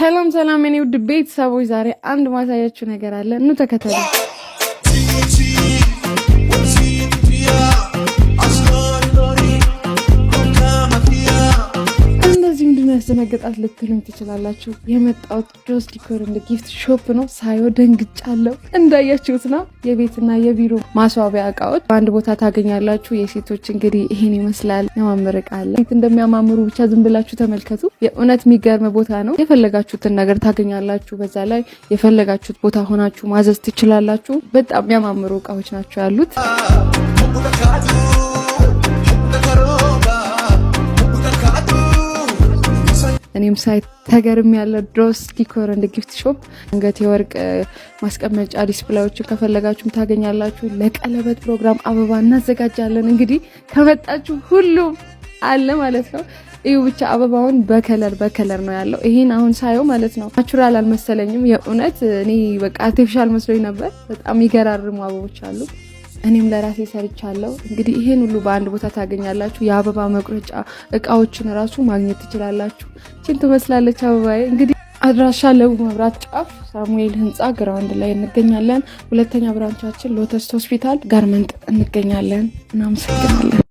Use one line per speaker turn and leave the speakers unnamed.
ሰላም ሰላም፣ የኔ ውድ ቤተሰቦች ዛሬ አንድ ማሳያችሁ ነገር አለ። ኑ ተከተሉ። የሚያስደነግጣት ልትሉኝ ትችላላችሁ። የመጣሁት ጆስ ዲኮር እንደ ጊፍት ሾፕ ነው። ሳየው ደንግጫለሁ። እንዳያችሁት ነው የቤትና የቢሮ ማስዋቢያ እቃዎች በአንድ ቦታ ታገኛላችሁ። የሴቶች እንግዲህ ይህን ይመስላል። ያማምር እቃ አለ። እንደሚያማምሩ ብቻ ዝም ብላችሁ ተመልከቱ። የእውነት የሚገርም ቦታ ነው። የፈለጋችሁትን ነገር ታገኛላችሁ። በዛ ላይ የፈለጋችሁት ቦታ ሆናችሁ ማዘዝ ትችላላችሁ። በጣም የሚያማምሩ እቃዎች ናቸው ያሉት። እኔም ሳይ ተገርም ያለ ድሮስ ዲኮር እንደ ጊፍት ሾፕ አንገት የወርቅ ማስቀመጫ ዲስፕላዮችን ከፈለጋችሁም ታገኛላችሁ። ለቀለበት ፕሮግራም አበባ እናዘጋጃለን። እንግዲህ ከመጣችሁ ሁሉም አለ ማለት ነው። እዩ ብቻ አበባውን በከለር በከለር ነው ያለው። ይሄን አሁን ሳየው ማለት ነው ናቹራል አልመሰለኝም። የእውነት እኔ በቃ አርቲፊሻል መስሎኝ ነበር። በጣም ይገራርሙ አበቦች አሉ። እኔም ለራሴ ሰርቻለሁ። እንግዲህ ይሄን ሁሉ በአንድ ቦታ ታገኛላችሁ። የአበባ መቁረጫ እቃዎችን ራሱ ማግኘት ትችላላችሁ። ችን ትመስላለች አበባዬ። እንግዲህ አድራሻ ለቡ መብራት ጫፍ ሳሙኤል ህንፃ ግራውንድ ላይ እንገኛለን። ሁለተኛ ብራንቻችን ሎተስ ሆስፒታል ጋርመንት እንገኛለን። እናመሰግናለን።